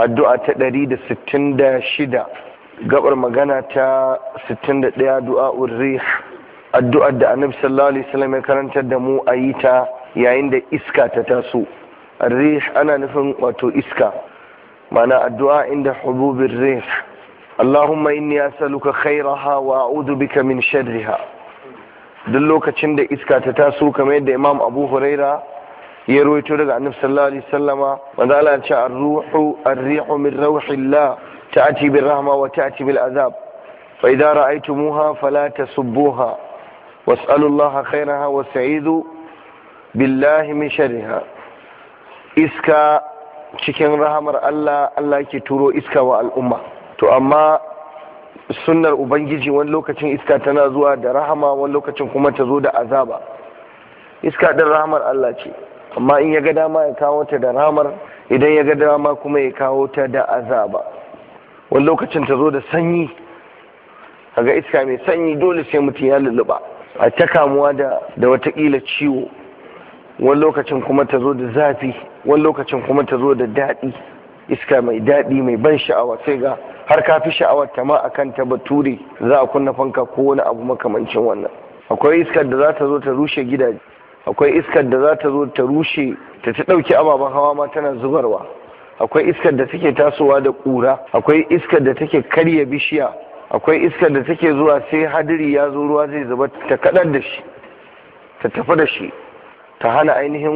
addu'a ta ɗari shida. gabar magana ta 61 du'a urrih Addu'a da annabi sallallahu alaihi wasallam ya karanta da mu a yi ta yayin da iska ta taso rih ana nufin wato iska mana addu'a inda hububir rih Allahumma inni as'aluka khairaha wa a'udhu bika min sharriha duk lokacin da iska ta taso kamar yadda Imam Abu Huraira ya rawaito daga annabi sallallahu alaihi wasallama manzo Allah ya ce ar-ruhu ar-rihu min rawhillah ta'ati bil rahma wa ta'ati bil azab fa idza ra'aytumuha fala tasubbuha was'alu Allah khairaha wa sa'idu billahi min sharriha iska cikin rahamar Allah Allah yake turo iska wa al'umma to amma sunnar ubangiji wani lokacin iska tana zuwa da rahama wani lokacin kuma ta zo da azaba iska din rahamar Allah ce amma in ya ga dama ya kawo ta da ramar idan ya ga dama kuma ya kawo ta da azaba wani lokacin ta zo da sanyi ga iska mai sanyi dole sai mutum ya lulluɓa a ta kamuwa da da watakila ciwo wani lokacin kuma ta zo da zafi wani lokacin kuma ta zo da daɗi iska mai daɗi mai ban sha'awa sai ga har ka fi sha'awar ta ma kan ta bature za a kunna fanka ko wani abu makamancin wannan akwai iskar da za ta zo ta rushe gidaje akwai iskar da za ta zo ta rushe ta ta ɗauki ababen hawa ma tana zubarwa akwai iskar da take tasowa da ƙura akwai iskar da take karya bishiya akwai iskar da take zuwa sai hadiri ya zo ruwa zai zuba ta kaɗar da shi ta tafi da shi ta hana ainihin